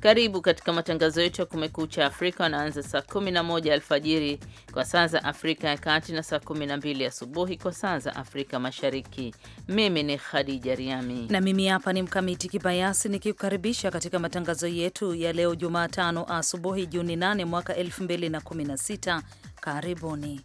Karibu katika matangazo yetu ya Kumekucha Afrika wanaanza saa 11 alfajiri kwa saa za Afrika ya Kati na saa 12 asubuhi kwa saa za Afrika Mashariki. Mimi ni Khadija Riami na mimi hapa ni Mkamiti Kibayasi nikikukaribisha katika matangazo yetu ya leo Jumatano asubuhi, Juni 8 mwaka 2016. Karibuni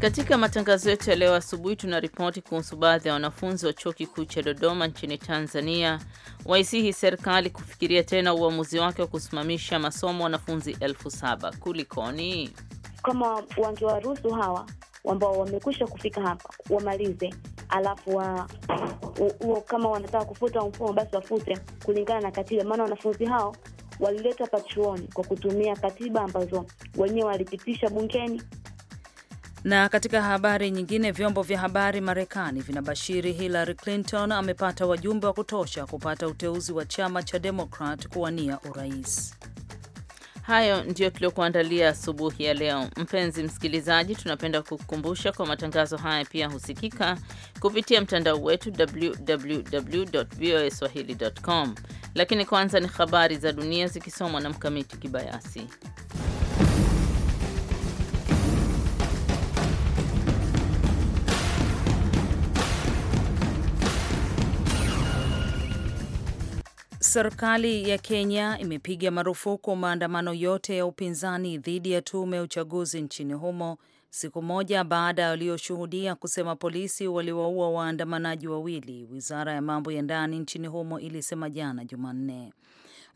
Katika matangazo yetu ya leo asubuhi, tuna ripoti kuhusu baadhi ya wanafunzi wa chuo kikuu cha Dodoma nchini Tanzania waisihi serikali kufikiria tena uamuzi wake wa kusimamisha masomo wanafunzi elfu saba. Kulikoni? Kama wangewaruhusu hawa ambao wamekwisha kufika hapa wamalize, alafu wa, u, u, kama wanataka kufuta mfumo basi wafute kulingana na katiba, maana wanafunzi hao walileta pachuoni kwa kutumia katiba ambazo wenyewe walipitisha bungeni na katika habari nyingine, vyombo vya habari Marekani vinabashiri Hillary Clinton amepata wajumbe wa kutosha kupata uteuzi wa chama cha Demokrat kuwania urais. Hayo ndiyo tuliokuandalia asubuhi ya leo. Mpenzi msikilizaji, tunapenda kukukumbusha kwa matangazo haya pia husikika kupitia mtandao wetu www voa swahili.com. Lakini kwanza ni habari za dunia zikisomwa na Mkamiti Kibayasi. Serikali ya Kenya imepiga marufuku maandamano yote ya upinzani dhidi ya tume ya uchaguzi nchini humo siku moja baada ya walioshuhudia kusema polisi waliwaua waandamanaji wawili. Wizara ya mambo ya ndani nchini humo ilisema jana Jumanne.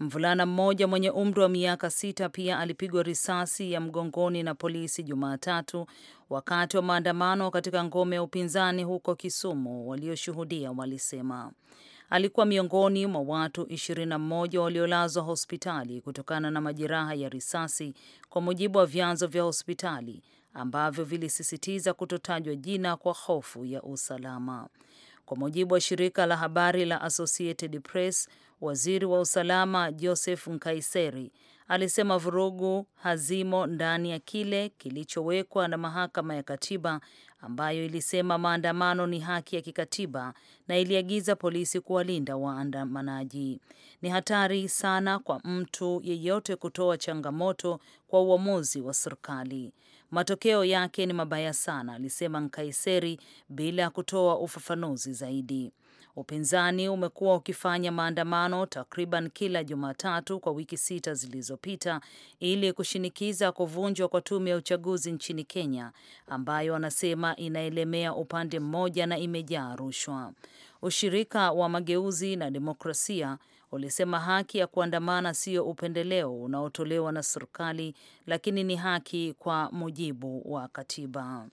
Mvulana mmoja mwenye umri wa miaka sita pia alipigwa risasi ya mgongoni na polisi Jumatatu wakati wa maandamano katika ngome ya upinzani huko Kisumu, walioshuhudia walisema alikuwa miongoni mwa watu 21 waliolazwa hospitali kutokana na majeraha ya risasi, kwa mujibu wa vyanzo vya hospitali ambavyo vilisisitiza kutotajwa jina kwa hofu ya usalama. Kwa mujibu wa shirika la habari la Associated Press, waziri wa usalama Joseph Nkaiseri alisema vurugu hazimo ndani ya kile kilichowekwa na mahakama ya katiba ambayo ilisema maandamano ni haki ya kikatiba na iliagiza polisi kuwalinda waandamanaji. Ni hatari sana kwa mtu yeyote kutoa changamoto kwa uamuzi wa serikali. Matokeo yake ni mabaya sana, alisema Nkaiseri bila kutoa ufafanuzi zaidi. Upinzani umekuwa ukifanya maandamano takriban kila Jumatatu kwa wiki sita zilizopita ili kushinikiza kuvunjwa kwa tume ya uchaguzi nchini Kenya ambayo wanasema inaelemea upande mmoja na imejaa rushwa. Ushirika wa mageuzi na demokrasia ulisema haki ya kuandamana sio upendeleo unaotolewa na serikali, lakini ni haki kwa mujibu wa katiba.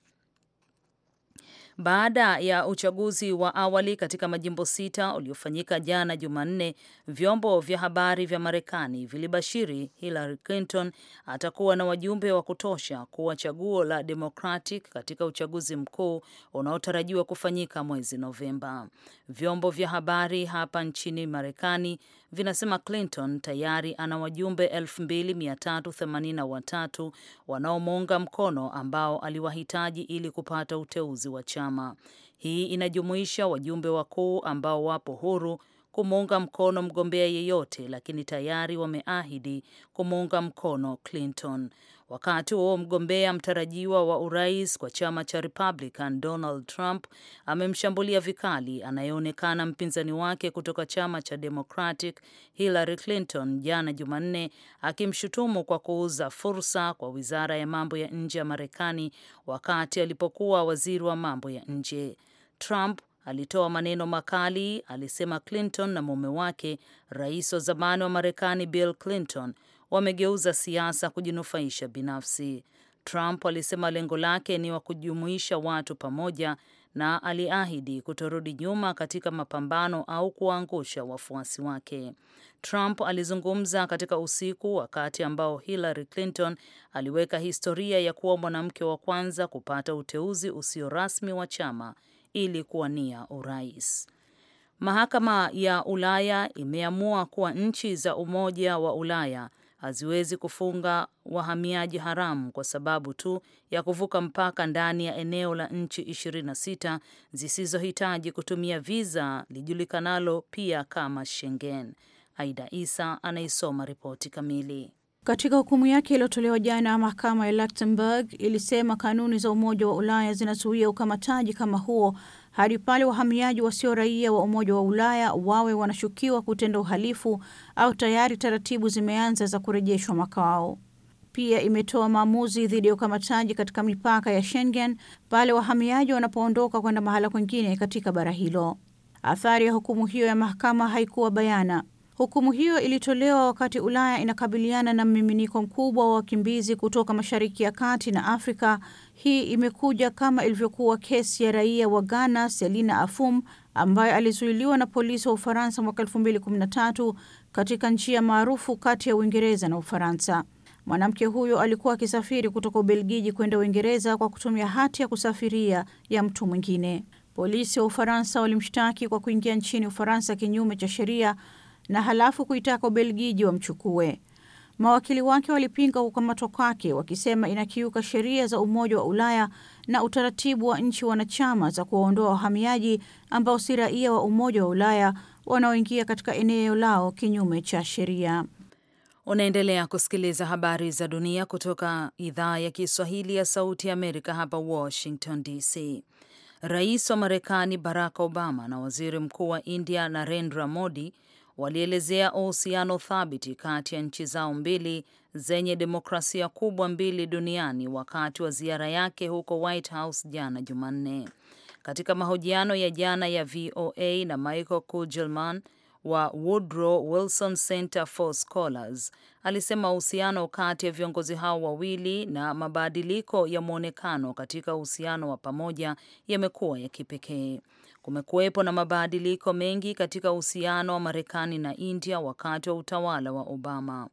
Baada ya uchaguzi wa awali katika majimbo sita uliofanyika jana Jumanne, vyombo vya habari vya Marekani vilibashiri Hillary Clinton atakuwa na wajumbe wa kutosha kuwa chaguo la Democratic katika uchaguzi mkuu unaotarajiwa kufanyika mwezi Novemba. Vyombo vya habari hapa nchini Marekani vinasema Clinton tayari ana wajumbe 2383 wanaomuunga mkono ambao aliwahitaji ili kupata uteuzi wa chama wanachama. Hii inajumuisha wajumbe wakuu ambao wapo huru kumuunga mkono mgombea yeyote, lakini tayari wameahidi kumuunga mkono Clinton. Wakati huo mgombea mtarajiwa wa urais kwa chama cha Republican Donald Trump amemshambulia vikali anayeonekana mpinzani wake kutoka chama cha Democratic Hillary Clinton jana Jumanne, akimshutumu kwa kuuza fursa kwa wizara ya mambo ya nje ya Marekani wakati alipokuwa waziri wa mambo ya nje. Trump alitoa maneno makali, alisema Clinton na mume wake, rais wa zamani wa Marekani Bill Clinton, wamegeuza siasa kujinufaisha binafsi. Trump alisema lengo lake ni wa kujumuisha watu pamoja na aliahidi kutorudi nyuma katika mapambano au kuwaangusha wafuasi wake. Trump alizungumza katika usiku wakati ambao Hillary Clinton aliweka historia ya kuwa mwanamke wa kwanza kupata uteuzi usio rasmi wa chama ili kuwania urais. Mahakama ya Ulaya imeamua kuwa nchi za Umoja wa Ulaya haziwezi kufunga wahamiaji haramu kwa sababu tu ya kuvuka mpaka ndani ya eneo la nchi 26 zisizohitaji kutumia viza lijulikanalo pia kama Schengen. Aida Isa anaisoma ripoti kamili. Katika hukumu yake iliyotolewa jana, mahakama ya Luxembourg ilisema kanuni za Umoja wa Ulaya zinazuia ukamataji kama huo hadi pale wahamiaji wasio raia wa Umoja wa Ulaya wawe wanashukiwa kutenda uhalifu au tayari taratibu zimeanza za kurejeshwa makao Pia imetoa maamuzi dhidi ya ukamataji katika mipaka ya Schengen pale wahamiaji wanapoondoka kwenda mahala kwengine katika bara hilo. Athari ya hukumu hiyo ya mahakama haikuwa bayana. Hukumu hiyo ilitolewa wakati Ulaya inakabiliana na mmiminiko mkubwa wa wakimbizi kutoka Mashariki ya Kati na Afrika, hii imekuja kama ilivyokuwa kesi ya raia wa Ghana Selina Afum ambaye alizuiliwa na polisi wa Ufaransa mwaka 2013 katika njia maarufu kati ya Uingereza na Ufaransa. Mwanamke huyo alikuwa akisafiri kutoka Ubelgiji kwenda Uingereza kwa kutumia hati ya kusafiria ya mtu mwingine. Polisi wa Ufaransa walimshtaki kwa kuingia nchini Ufaransa kinyume cha sheria na halafu kuitaka Ubelgiji wamchukue. Mawakili wake walipinga kukamatwa kwake, wakisema inakiuka sheria za Umoja wa Ulaya na utaratibu wa nchi wanachama za kuwaondoa wahamiaji ambao si raia wa Umoja wa Ulaya wanaoingia katika eneo lao kinyume cha sheria. Unaendelea kusikiliza habari za dunia kutoka idhaa ya Kiswahili ya Sauti ya Amerika, hapa Washington DC. Rais wa Marekani Barack Obama na waziri mkuu wa India Narendra Modi walielezea uhusiano thabiti kati ya nchi zao mbili zenye demokrasia kubwa mbili duniani wakati wa ziara yake huko White House jana Jumanne. Katika mahojiano ya jana ya VOA na Michael Kugelman wa Woodrow Wilson Center for Scholars alisema uhusiano kati ya viongozi hao wawili na mabadiliko ya mwonekano katika uhusiano wa pamoja yamekuwa ya kipekee. Kumekuwepo na mabadiliko mengi katika uhusiano wa Marekani na India wakati wa utawala wa Obama.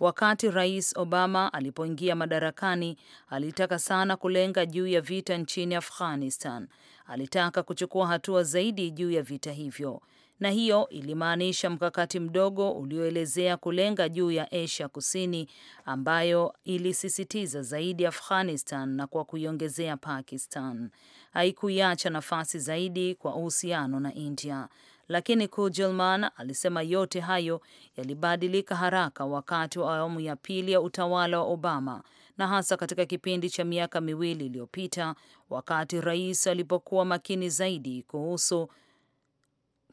Wakati Rais Obama alipoingia madarakani, alitaka sana kulenga juu ya vita nchini Afghanistan. Alitaka kuchukua hatua zaidi juu ya vita hivyo na hiyo ilimaanisha mkakati mdogo ulioelezea kulenga juu ya Asia Kusini ambayo ilisisitiza zaidi Afghanistan na kwa kuiongezea Pakistan. Haikuiacha nafasi zaidi kwa uhusiano na India. Lakini Kujelman alisema yote hayo yalibadilika haraka wakati wa awamu ya pili ya utawala wa Obama na hasa katika kipindi cha miaka miwili iliyopita wakati rais alipokuwa makini zaidi kuhusu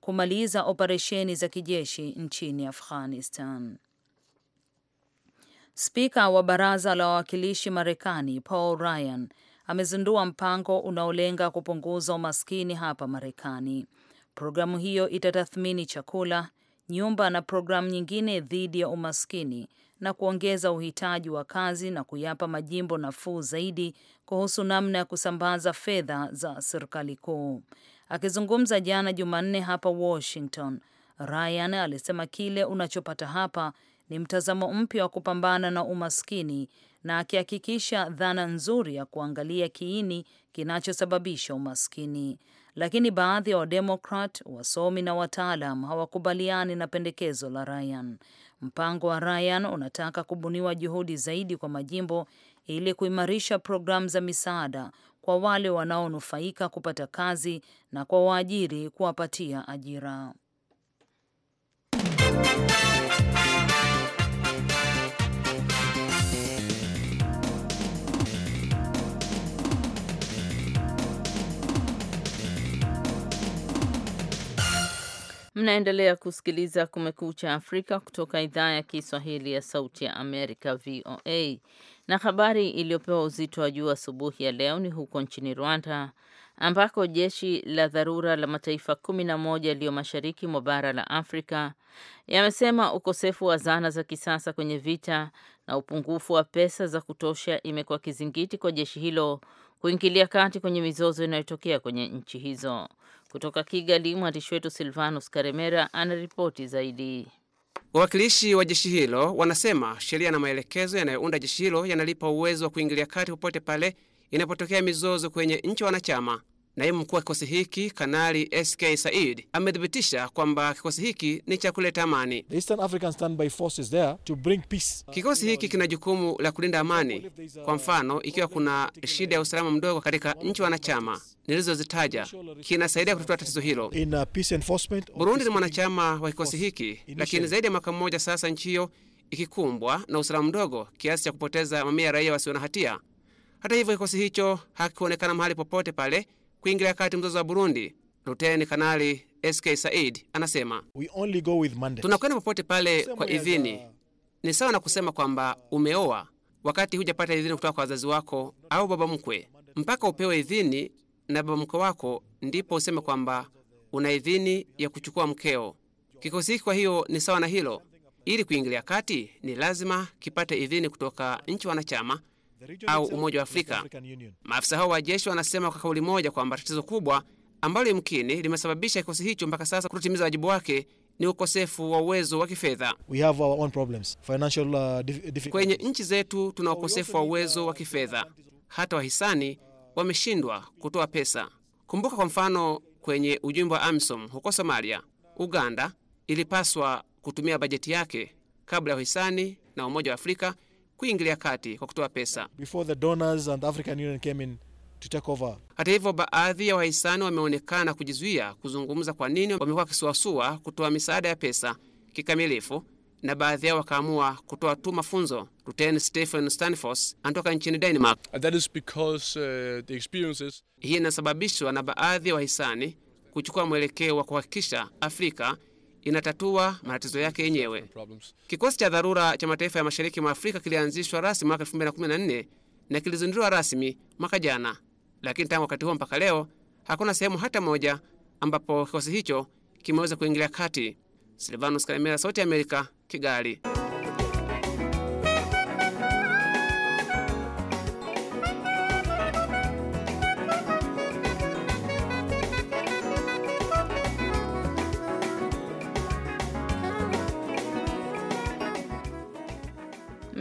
kumaliza operesheni za kijeshi nchini Afghanistan. Spika wa baraza la wawakilishi Marekani Paul Ryan amezindua mpango unaolenga kupunguza umaskini hapa Marekani. Programu hiyo itatathmini chakula, nyumba na programu nyingine dhidi ya umaskini na kuongeza uhitaji wa kazi na kuyapa majimbo nafuu zaidi kuhusu namna ya kusambaza fedha za serikali kuu. Akizungumza jana Jumanne hapa Washington, Ryan alisema kile unachopata hapa ni mtazamo mpya wa kupambana na umaskini na akihakikisha dhana nzuri ya kuangalia kiini kinachosababisha umaskini. Lakini baadhi ya Wademokrat, wasomi na wataalam hawakubaliani na pendekezo la Ryan. Mpango wa Ryan unataka kubuniwa juhudi zaidi kwa majimbo ili kuimarisha programu za misaada kwa wale wanaonufaika kupata kazi na kwa waajiri kuwapatia ajira. Mnaendelea kusikiliza Kumekucha Afrika kutoka idhaa ya Kiswahili ya Sauti ya Amerika, VOA. Na habari iliyopewa uzito wa juu asubuhi ya leo ni huko nchini Rwanda, ambako jeshi la dharura la mataifa kumi na moja yaliyo mashariki mwa bara la Afrika yamesema ukosefu wa zana za kisasa kwenye vita na upungufu wa pesa za kutosha imekuwa kizingiti kwa jeshi hilo kuingilia kati kwenye mizozo inayotokea kwenye nchi hizo. Kutoka Kigali, mwandishi wetu Silvanus Karemera ana ripoti zaidi. Wawakilishi wa jeshi hilo wanasema sheria na maelekezo yanayounda jeshi hilo yanalipa uwezo wa kuingilia kati popote pale inapotokea mizozo kwenye nchi wanachama naimu mkuu wa kikosi hiki Kanali SK Said amethibitisha kwamba kikosi hiki ni cha kuleta amani. Kikosi hiki kina jukumu la kulinda amani. Kwa mfano, ikiwa kuna shida ya usalama mdogo katika nchi wanachama nilizozitaja, kinasaidia kutatua tatizo hilo. Uh, Burundi ni mwanachama wa kikosi hiki, lakini zaidi ya mwaka mmoja sasa nchi hiyo ikikumbwa na usalama mdogo kiasi cha kupoteza mamia ya raia wasio na hatia. Hata hivyo, kikosi hicho hakikuonekana mahali popote pale kuingilia kati mzozo wa Burundi. Luteni Kanali SK Said anasema tunakwenda popote pale kwa idhini. Ni sawa na kusema kwamba umeoa wakati hujapata idhini kutoka kwa wazazi wako au baba mkwe, mpaka upewe idhini na baba mkwe wako, ndipo useme kwamba una idhini ya kuchukua mkeo. Kikosi hiki kwa hiyo ni sawa na hilo. Ili kuingilia kati, ni lazima kipate idhini kutoka nchi wanachama au Umoja wa Afrika. Maafisa hao wa jeshi wanasema kwa kauli moja kwamba tatizo kubwa ambalo yumkini limesababisha kikosi hicho mpaka sasa kutotimiza wajibu wake ni ukosefu wa uwezo wa kifedha. Uh, kwenye nchi zetu tuna ukosefu wa uh, uwezo wa kifedha, hata wahisani wameshindwa kutoa pesa. Kumbuka kwa mfano kwenye ujumbe wa AMISOM huko Somalia, Uganda ilipaswa kutumia bajeti yake kabla ya wahisani na Umoja wa Afrika kuingilia kati kwa kutoa pesa. Hata hivyo, baadhi ya wahisani wameonekana kujizuia kuzungumza kwa nini wamekuwa wakisuasua kutoa misaada ya pesa kikamilifu na baadhi yao wakaamua kutoa tu mafunzo. Luteni Stephen Stanfors anatoka nchini Denmark. because, uh, the experiences... hii inasababishwa na baadhi ya wahisani kuchukua mwelekeo wa kuhakikisha Afrika inatatua matatizo yake yenyewe. Kikosi cha dharura cha mataifa ya mashariki mwa Afrika kilianzishwa rasmi mwaka 2014 na kilizinduliwa rasmi mwaka jana, lakini tangu wakati huo mpaka leo hakuna sehemu hata moja ambapo kikosi hicho kimeweza kuingilia kati. Silvanus Kalemera, Sauti ya Amerika, Kigali.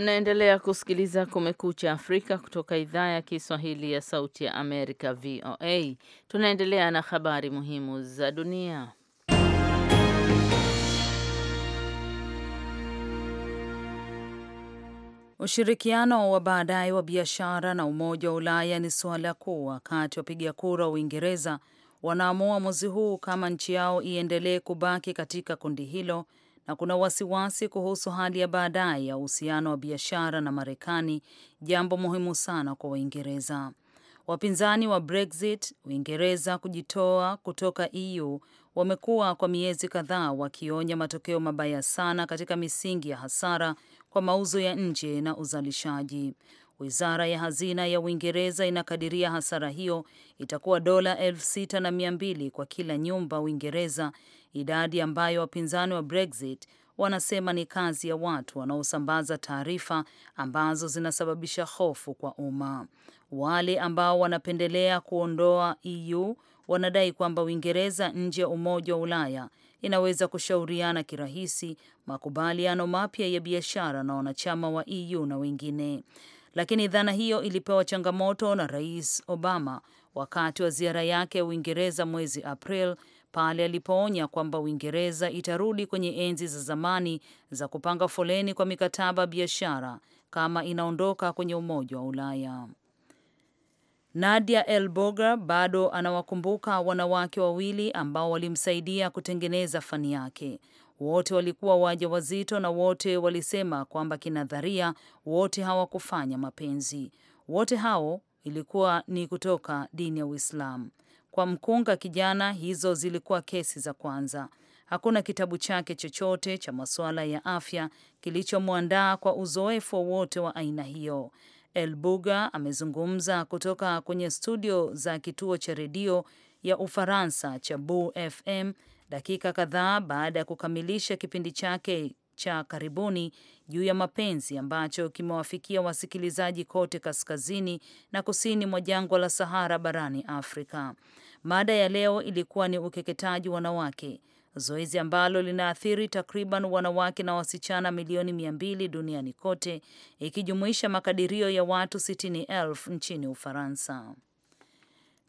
Mnaendelea kusikiliza Kumekucha Afrika kutoka idhaa ya Kiswahili ya Sauti ya Amerika, VOA. Tunaendelea na habari muhimu za dunia. Ushirikiano wa baadaye wa biashara na Umoja wa Ulaya ni suala kuu wakati wapiga kura wa Uingereza wanaamua mwezi huu kama nchi yao iendelee kubaki katika kundi hilo na kuna wasiwasi kuhusu hali ya baadaye ya uhusiano wa biashara na Marekani, jambo muhimu sana kwa Uingereza. Wapinzani wa Brexit, Uingereza kujitoa kutoka EU, wamekuwa kwa miezi kadhaa wakionya matokeo mabaya sana katika misingi ya hasara kwa mauzo ya nje na uzalishaji. Wizara ya hazina ya Uingereza inakadiria hasara hiyo itakuwa dola elfu sita na mia mbili kwa kila nyumba Uingereza, idadi ambayo wapinzani wa Brexit wanasema ni kazi ya watu wanaosambaza taarifa ambazo zinasababisha hofu kwa umma. Wale ambao wanapendelea kuondoa EU wanadai kwamba Uingereza nje ya Umoja wa Ulaya inaweza kushauriana kirahisi makubaliano mapya ya biashara na wanachama wa EU na wengine lakini dhana hiyo ilipewa changamoto na Rais Obama wakati wa ziara yake ya Uingereza mwezi April pale alipoonya kwamba Uingereza itarudi kwenye enzi za zamani za kupanga foleni kwa mikataba biashara kama inaondoka kwenye Umoja wa Ulaya. Nadia El boger bado anawakumbuka wanawake wawili ambao walimsaidia kutengeneza fani yake. Wote walikuwa waja wazito na wote walisema kwamba kinadharia wote hawakufanya mapenzi. Wote hao ilikuwa ni kutoka dini ya Uislamu. Kwa mkunga kijana, hizo zilikuwa kesi za kwanza. Hakuna kitabu chake chochote cha masuala ya afya kilichomwandaa kwa uzoefu wowote wa aina hiyo. el buga amezungumza kutoka kwenye studio za kituo cha redio ya Ufaransa cha Bu FM dakika kadhaa baada ya kukamilisha kipindi chake cha karibuni juu ya mapenzi ambacho kimewafikia wasikilizaji kote kaskazini na kusini mwa jangwa la Sahara barani Afrika. Mada ya leo ilikuwa ni ukeketaji wanawake, zoezi ambalo linaathiri takriban wanawake na wasichana milioni mia mbili duniani kote, ikijumuisha makadirio ya watu sitini elfu nchini Ufaransa.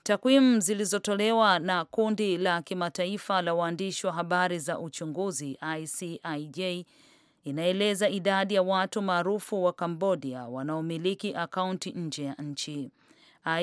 Takwimu zilizotolewa na kundi la kimataifa la waandishi wa habari za uchunguzi ICIJ inaeleza idadi ya watu maarufu wa Kambodia wanaomiliki akaunti nje ya nchi.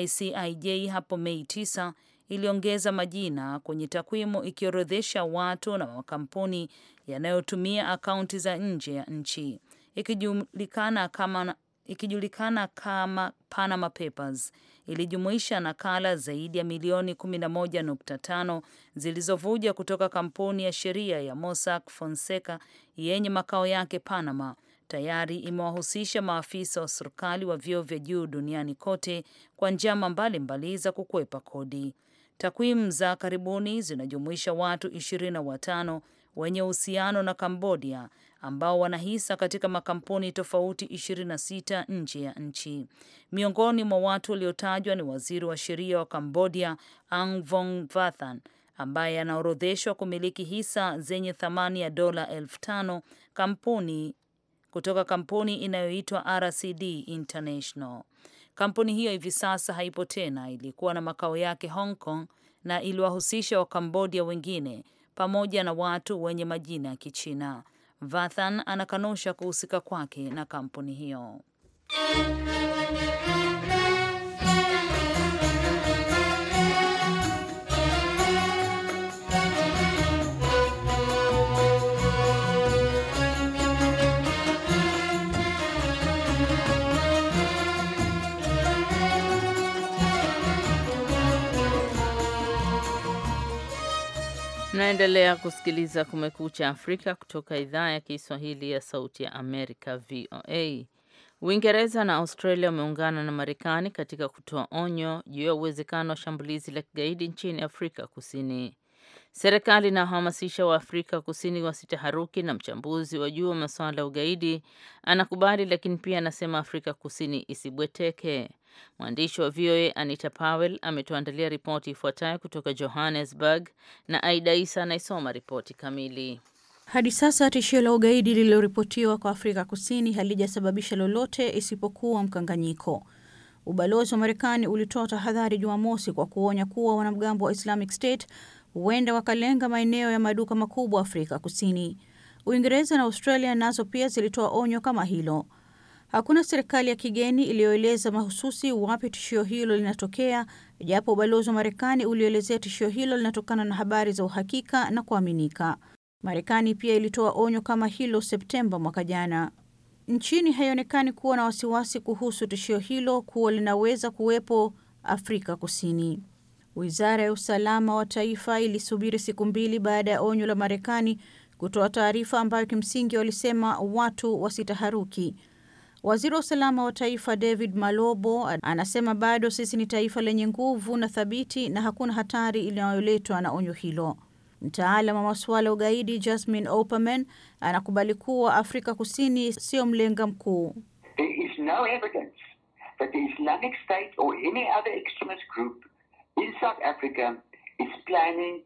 ICIJ hapo Mei 9 iliongeza majina kwenye takwimu ikiorodhesha watu na makampuni yanayotumia akaunti za nje ya nchi ikijulikana kama ikijulikana kama Panama Papers ilijumuisha nakala zaidi ya milioni 11.5 zilizovuja kutoka kampuni ya sheria ya Mossack Fonseca yenye makao yake Panama. Tayari imewahusisha maafisa wa serikali wa vyeo vya juu duniani kote kwa njama mbalimbali za kukwepa kodi. Takwimu za karibuni zinajumuisha watu 25 wenye uhusiano na Kambodia ambao wana hisa katika makampuni tofauti 26 nje ya nchi. Miongoni mwa watu waliotajwa ni waziri wa sheria wa Kambodia Ang Vong Vathan ambaye anaorodheshwa kumiliki hisa zenye thamani ya dola elfu tano kampuni kutoka kampuni inayoitwa RCD International. Kampuni hiyo hivi sasa haipo tena, ilikuwa na makao yake Hong Kong na iliwahusisha Wakambodia wengine pamoja na watu wenye majina ya Kichina. Vathan anakanusha kuhusika kwake na kampuni hiyo. Mnaendelea kusikiliza Kumekucha Afrika kutoka idhaa ya Kiswahili ya Sauti ya Amerika, VOA. Uingereza na Australia wameungana na Marekani katika kutoa onyo juu ya uwezekano wa shambulizi la kigaidi nchini Afrika Kusini. Serikali wa Waafrika Kusini wasitaharuki, na mchambuzi wa juu wa masuala ya ugaidi anakubali, lakini pia anasema Afrika Kusini isibweteke. Mwandishi wa VOA Anita Powell ametuandalia ripoti ifuatayo kutoka Johannesburg na Aida Isa anaisoma ripoti kamili. Hadi sasa tishio la ugaidi lililoripotiwa kwa Afrika Kusini halijasababisha lolote isipokuwa mkanganyiko. Ubalozi wa Marekani ulitoa tahadhari Jumamosi kwa kuonya kuwa wanamgambo wa Islamic State huenda wakalenga maeneo ya maduka makubwa Afrika Kusini. Uingereza na Australia nazo pia zilitoa onyo kama hilo. Hakuna serikali ya kigeni iliyoeleza mahususi wapi tishio hilo linatokea, japo ubalozi wa Marekani ulioelezea tishio hilo linatokana na habari za uhakika na kuaminika. Marekani pia ilitoa onyo kama hilo Septemba mwaka jana. Nchini haionekani kuwa na wasiwasi kuhusu tishio hilo kuwa linaweza kuwepo Afrika Kusini. Wizara ya usalama wa taifa ilisubiri siku mbili baada ya onyo la Marekani kutoa taarifa ambayo kimsingi walisema watu wasitaharuki. Waziri wa usalama wa taifa David Malobo anasema bado sisi ni taifa lenye nguvu na thabiti na hakuna hatari inayoletwa na onyo hilo. Mtaalam wa masuala ya ugaidi Jasmine Operman anakubali kuwa Afrika Kusini sio mlenga mkuu. Islamic State or any other extremist group in South Africa is planning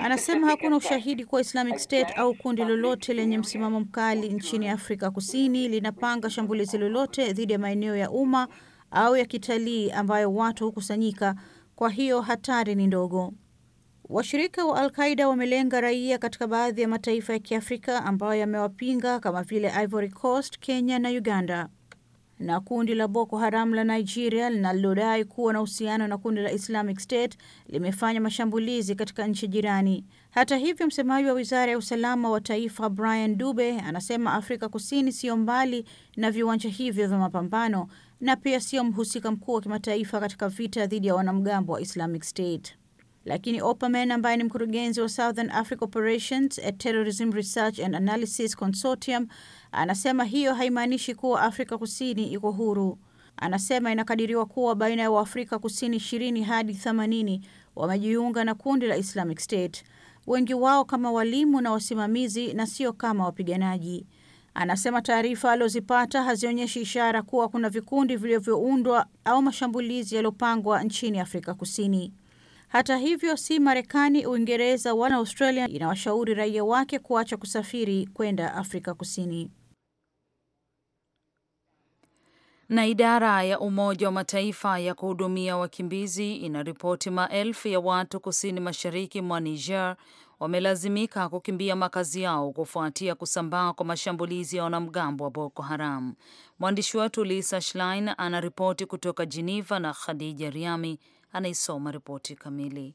Anasema hakuna ushahidi kuwa Islamic State au kundi lolote lenye msimamo mkali nchini Afrika Kusini linapanga shambulizi lolote dhidi ya maeneo ya umma au ya kitalii ambayo watu hukusanyika, kwa hiyo hatari ni ndogo. Washirika wa Al-Qaida wamelenga raia katika baadhi ya mataifa ya Kiafrika ambayo yamewapinga kama vile Ivory Coast, Kenya na Uganda na kundi la Boko Haram la Nigeria linalodai kuwa na uhusiano na kundi la Islamic State limefanya mashambulizi katika nchi jirani. Hata hivyo, msemaji wa wizara ya usalama wa taifa Brian Dube anasema Afrika Kusini siyo mbali na viwanja hivyo vya mapambano na pia siyo mhusika mkuu wa kimataifa katika vita dhidi ya wanamgambo wa Islamic State. Lakini Opperman ambaye ni mkurugenzi wa Southern Africa Operations at Terrorism Research and Analysis Consortium Anasema hiyo haimaanishi kuwa Afrika Kusini iko huru. Anasema inakadiriwa kuwa baina ya Waafrika Kusini 20 hadi 80 wamejiunga na kundi la Islamic State, wengi wao kama walimu na wasimamizi na sio kama wapiganaji. Anasema taarifa alizozipata hazionyeshi ishara kuwa kuna vikundi vilivyoundwa au mashambulizi yaliyopangwa nchini Afrika Kusini. Hata hivyo, si Marekani, Uingereza wala Australia inawashauri raia wake kuacha kusafiri kwenda Afrika Kusini. Na idara ya Umoja wa Mataifa ya kuhudumia wakimbizi inaripoti maelfu ya watu kusini mashariki mwa Niger wamelazimika kukimbia makazi yao kufuatia kusambaa kwa mashambulizi ya wanamgambo wa Boko Haram. Mwandishi wetu Lisa Schlein anaripoti kutoka Geneva na Khadija Riami anaisoma ripoti kamili.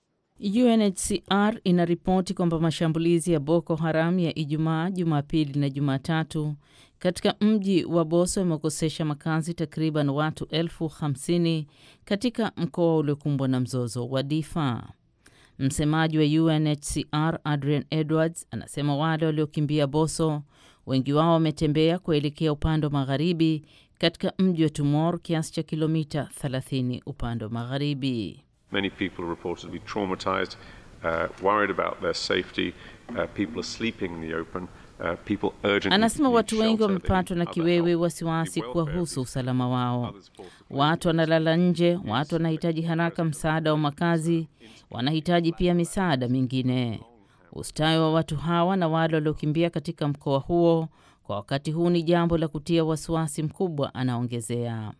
UNHCR inaripoti kwamba mashambulizi ya Boko Haram ya Ijumaa, Jumapili na Jumatatu katika mji wa Boso imekosesha makazi takriban watu elfu hamsini katika mkoa uliokumbwa na mzozo wa Difa. Msemaji wa UNHCR Adrian Edwards anasema wale waliokimbia Boso wengi wao wametembea kuelekea upande wa magharibi katika mji wa Tumor kiasi cha kilomita 30 upande wa magharibi. Many people are traumatized, uh, worried about their safety, uh, people are sleeping in the open. Uh, anasema watu wengi wamepatwa na kiwewe, wasiwasi kuwahusu usalama wao. Watu wanalala nje, watu wanahitaji haraka msaada wa makazi, wanahitaji pia misaada mingine. Ustawi wa watu hawa na wale waliokimbia katika mkoa huo kwa wakati huu ni jambo la kutia wasiwasi mkubwa, anaongezea.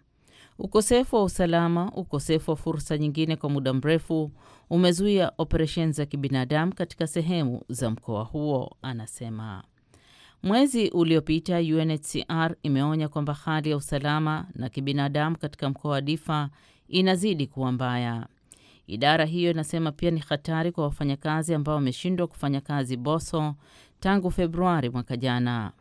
Ukosefu wa usalama, ukosefu wa fursa nyingine kwa muda mrefu umezuia operesheni za kibinadamu katika sehemu za mkoa huo, anasema. Mwezi uliopita UNHCR imeonya kwamba hali ya usalama na kibinadamu katika mkoa wa Difa inazidi kuwa mbaya. Idara hiyo inasema pia ni hatari kwa wafanyakazi ambao wameshindwa kufanya kazi Boso tangu Februari mwaka jana.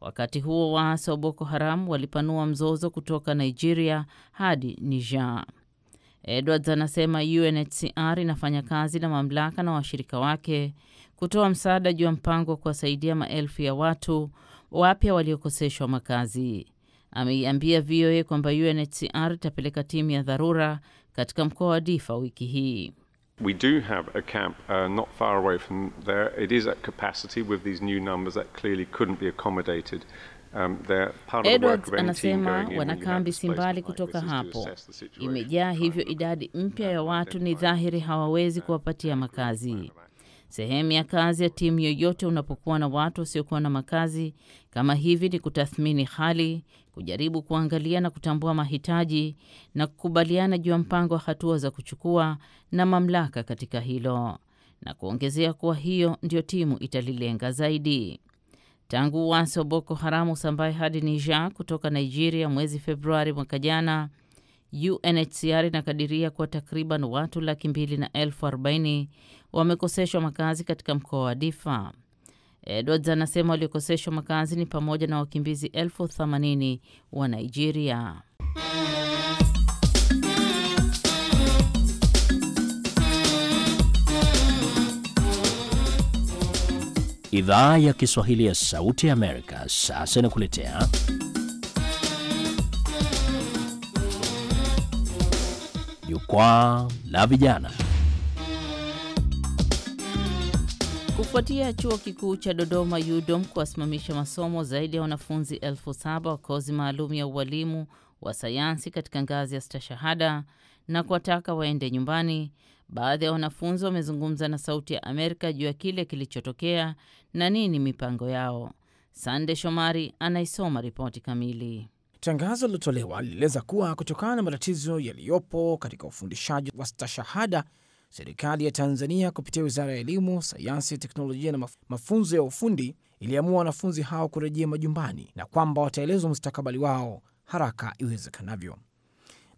Wakati huo waasi wa Boko Haram walipanua mzozo kutoka Nigeria hadi Niger. Edwards anasema UNHCR inafanya kazi na mamlaka na washirika wake kutoa msaada juu ya mpango wa kuwasaidia maelfu ya watu wapya waliokoseshwa makazi. Ameiambia VOA kwamba UNHCR itapeleka timu ya dharura katika mkoa wa Difa wiki hii. We do have a camp uh, not far away from there. It is at capacity with these new numbers that clearly couldn't be accommodated. Um, Edwards anasema wanakambi si mbali kutoka hapo, imejaa hivyo idadi mpya ya watu ni dhahiri hawawezi kuwapatia makazi. Sehemu ya kazi ya timu yoyote unapokuwa na watu wasiokuwa na makazi kama hivi ni kutathmini hali, kujaribu kuangalia na kutambua mahitaji na kukubaliana juu ya mpango wa hatua za kuchukua na mamlaka katika hilo, na kuongezea kuwa hiyo ndio timu italilenga zaidi. Tangu uasi wa Boko Haramu usambaye hadi Niger kutoka Nigeria mwezi Februari mwaka jana, UNHCR inakadiria kuwa takriban watu laki mbili na elfu arobaini wamekoseshwa makazi katika mkoa wa Difa. Edwards anasema waliokoseshwa makazi ni pamoja na wakimbizi elfu themanini wa Nigeria. Idhaa ya Kiswahili ya Sauti ya Amerika sasa inakuletea Jukwaa la Vijana. Kufuatia chuo kikuu cha Dodoma UDOM kuwasimamisha masomo zaidi ya wanafunzi elfu saba wa kozi maalum ya ualimu wa sayansi katika ngazi ya stashahada na kuwataka waende nyumbani, baadhi ya wanafunzi wamezungumza na Sauti ya Amerika juu ya kile kilichotokea na nini mipango yao. Sande Shomari anaisoma ripoti kamili. Tangazo lilotolewa lilieleza kuwa kutokana na matatizo yaliyopo katika ufundishaji wa stashahada, serikali ya Tanzania kupitia Wizara ya Elimu, Sayansi, Teknolojia na Mafunzo ya Ufundi iliamua wanafunzi hao kurejea majumbani na kwamba wataelezwa mustakabali wao haraka iwezekanavyo.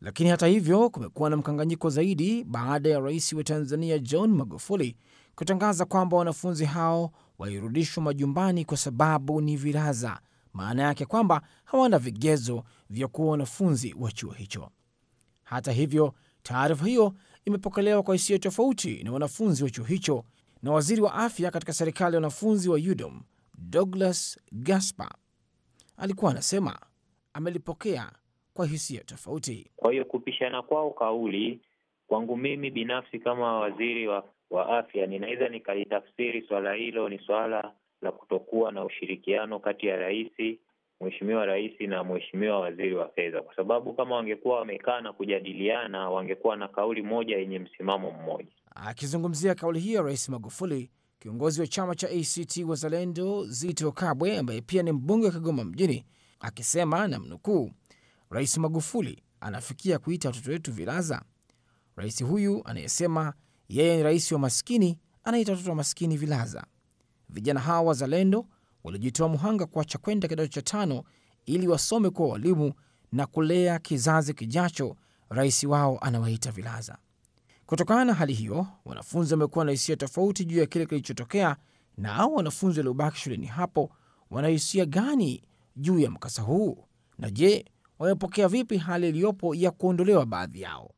Lakini hata hivyo, kumekuwa na mkanganyiko zaidi baada ya rais wa Tanzania John Magufuli kutangaza kwamba wanafunzi hao walirudishwa majumbani kwa sababu ni viraza maana yake kwamba hawana vigezo vya kuwa wanafunzi wa chuo hicho. Hata hivyo, taarifa hiyo imepokelewa kwa hisia tofauti na wanafunzi wa chuo hicho na waziri wa afya katika serikali ya wanafunzi wa UDOM Douglas gaspa alikuwa anasema amelipokea kwa hisia tofauti. Kwa hiyo kupishana kwao kauli, kwangu mimi binafsi kama waziri wa, wa afya, ninaweza nikalitafsiri swala hilo ni swala la kutokuwa na ushirikiano kati ya rais, mheshimiwa rais na mheshimiwa waziri wa fedha, kwa sababu kama wangekuwa wamekaa na kujadiliana wangekuwa na kauli moja yenye msimamo mmoja. Akizungumzia kauli hiyo, Rais Magufuli, kiongozi wa chama cha ACT Wazalendo Zito Kabwe, ambaye pia ni mbunge wa Kigoma Mjini, akisema na mnukuu, Rais Magufuli anafikia kuita watoto wetu vilaza. Rais huyu anayesema yeye ni rais wa maskini anaita watoto wa maskini vilaza. Vijana hawa wazalendo walijitoa muhanga kuacha kwenda kidato cha tano ili wasome kuwa walimu na kulea kizazi kijacho rais wao anawaita vilaza. Kutokana na hali hiyo, wanafunzi wamekuwa na hisia tofauti juu ya kile kilichotokea. Na au wanafunzi waliobaki shuleni hapo wanahisia gani juu ya mkasa huu? Na je, wamepokea vipi hali iliyopo ya kuondolewa baadhi yao?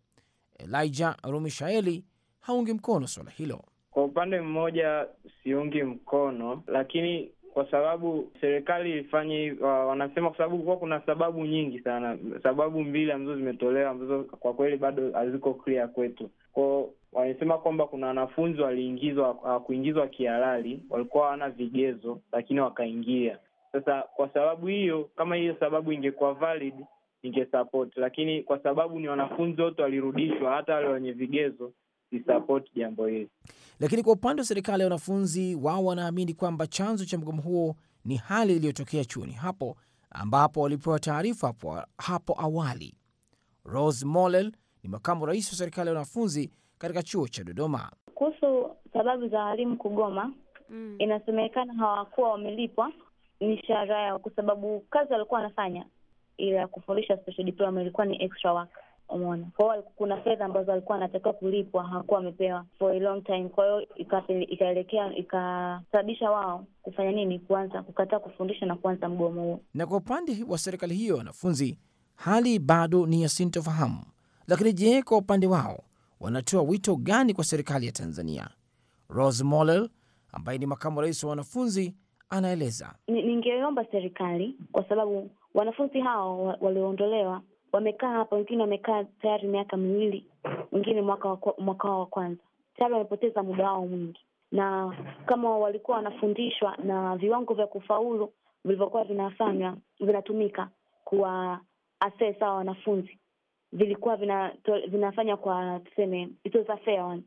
Elijah Rumishaeli haungi mkono suala hilo. Kwa upande mmoja siungi mkono, lakini kwa sababu serikali ilifanye uh, wanasema kwa sababu kuwa kuna sababu nyingi sana, sababu mbili ambazo zimetolewa ambazo kwa kweli bado haziko clear kwetu kwao. wanasema kwamba kuna wanafunzi waliingizwa hawakuingizwa kihalali, walikuwa hawana vigezo lakini wakaingia. Sasa kwa sababu hiyo, kama hiyo sababu ingekuwa valid ingesupport, lakini kwa sababu ni wanafunzi wote walirudishwa, hata wale wenye vigezo zisapoti jambo hili. Lakini kwa upande wa serikali ya wanafunzi, wao wanaamini kwamba chanzo cha mgomo huo ni hali iliyotokea chuoni hapo ambapo walipewa taarifa hapo, hapo awali. Rose Mollel ni makamu rais wa serikali ya wanafunzi katika chuo cha Dodoma. Kuhusu sababu za walimu kugoma, mm, inasemekana hawakuwa wamelipwa mishahara yao kwa sababu kazi walikuwa wanafanya, ila ya kufundisha special diploma ilikuwa ni extra work umeona. kwao, kuna fedha ambazo alikuwa anatakiwa kulipwa hakuwa amepewa for a long time, kwa hiyo ikaelekea ikasababisha wao kufanya nini, kuanza kukataa kufundisha na kuanza mgomo huo. Na kwa upande wa serikali hiyo ya wanafunzi, hali bado ni ya sintofahamu. Lakini je, kwa upande wao wanatoa wito gani kwa serikali ya Tanzania? Rose Mollel ambaye ni makamu rais wa wanafunzi anaeleza. Ningeomba serikali, kwa sababu wanafunzi hao walioondolewa wamekaa hapa, wengine wamekaa tayari miaka miwili, wengine mwaka wa mwaka wa kwanza tayari wamepoteza muda wao mwingi, na kama walikuwa wanafundishwa na viwango vya kufaulu vilivyokuwa vinafanywa vinatumika kuwa assess hawa wanafunzi vilikuwa vina, to, vinafanya kwa tuseme it was a fair one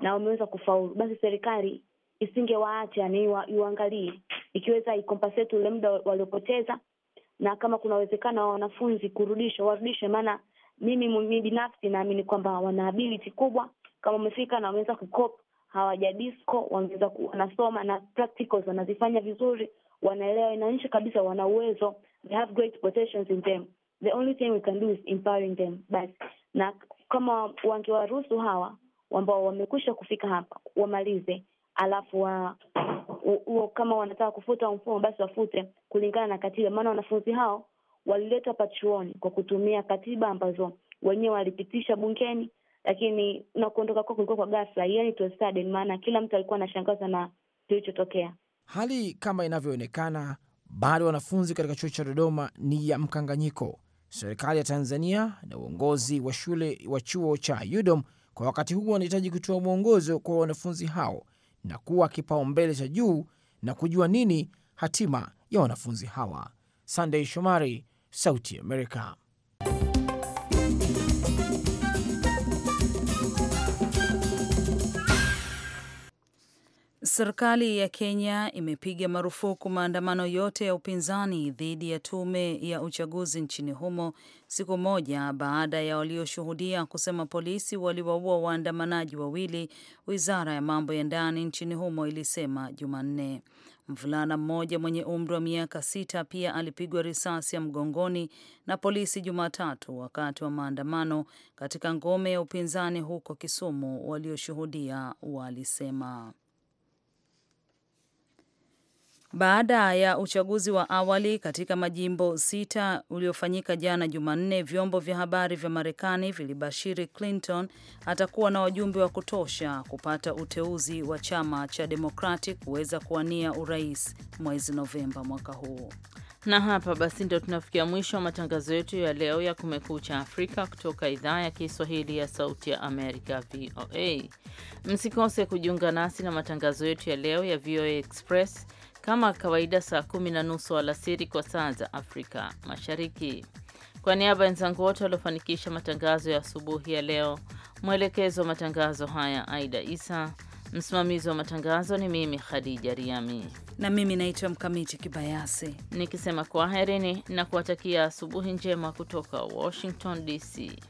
na wameweza kufaulu, basi serikali isingewaacha, yani iwaangalie ikiweza ikompensate ule muda waliopoteza na kama kuna uwezekano wa wanafunzi kurudishwa warudishe, maana mimi mimi binafsi naamini kwamba wana ability kubwa, kama wamefika na wameweza kukopa, hawaja wameweza wanasoma na practicals wanazifanya vizuri, wanaelewa, inaonyesha kabisa wana uwezo, they have great potentials in them, the only thing we can do is empowering them. but na kama wangewaruhusu hawa ambao wamekwisha kufika hapa wamalize, alafu wa huo, kama wanataka kufuta mfumo basi wafute kulingana na katiba, maana wanafunzi hao waliletwa hapa chuoni kwa kutumia katiba ambazo wenyewe walipitisha bungeni, lakini na kuondoka kwao kulikuwa kwa gafla yani maana kila mtu alikuwa anashangaza na kilichotokea. Hali kama inavyoonekana, bado wanafunzi katika chuo cha Dodoma ni ya mkanganyiko. Serikali ya Tanzania na uongozi wa shule wa chuo cha UDOM kwa wakati huu wanahitaji kutoa mwongozo kwa wanafunzi hao na kuwa kipaumbele cha juu na kujua nini hatima ya wanafunzi hawa. Sandey Shomari, Sauti ya Amerika. Serikali ya Kenya imepiga marufuku maandamano yote ya upinzani dhidi ya tume ya uchaguzi nchini humo siku moja baada ya walioshuhudia kusema polisi waliwaua waandamanaji wawili. Wizara ya mambo ya ndani nchini humo ilisema Jumanne mvulana mmoja mwenye umri wa miaka sita pia alipigwa risasi ya mgongoni na polisi Jumatatu wakati wa maandamano katika ngome ya upinzani huko Kisumu, walioshuhudia walisema. Baada ya uchaguzi wa awali katika majimbo sita uliofanyika jana Jumanne, vyombo vya habari vya Marekani vilibashiri Clinton atakuwa na wajumbe wa kutosha kupata uteuzi wa chama cha Demokrati kuweza kuwania urais mwezi Novemba mwaka huu. Na hapa basi ndio tunafikia mwisho wa matangazo yetu ya leo ya Kumekucha Afrika kutoka idhaa ya Kiswahili ya Sauti ya Amerika, VOA. Msikose kujiunga nasi na matangazo yetu ya leo ya VOA Express kama kawaida saa kumi na nusu alasiri kwa saa za Afrika Mashariki. Kwa niaba ya wenzangu wote waliofanikisha matangazo ya asubuhi ya leo, mwelekezo wa matangazo haya Aida Isa, msimamizi wa matangazo ni mimi Khadija Riami na mimi naitwa Mkamiti Kibayasi nikisema kwaherini na kuwatakia asubuhi njema kutoka Washington DC.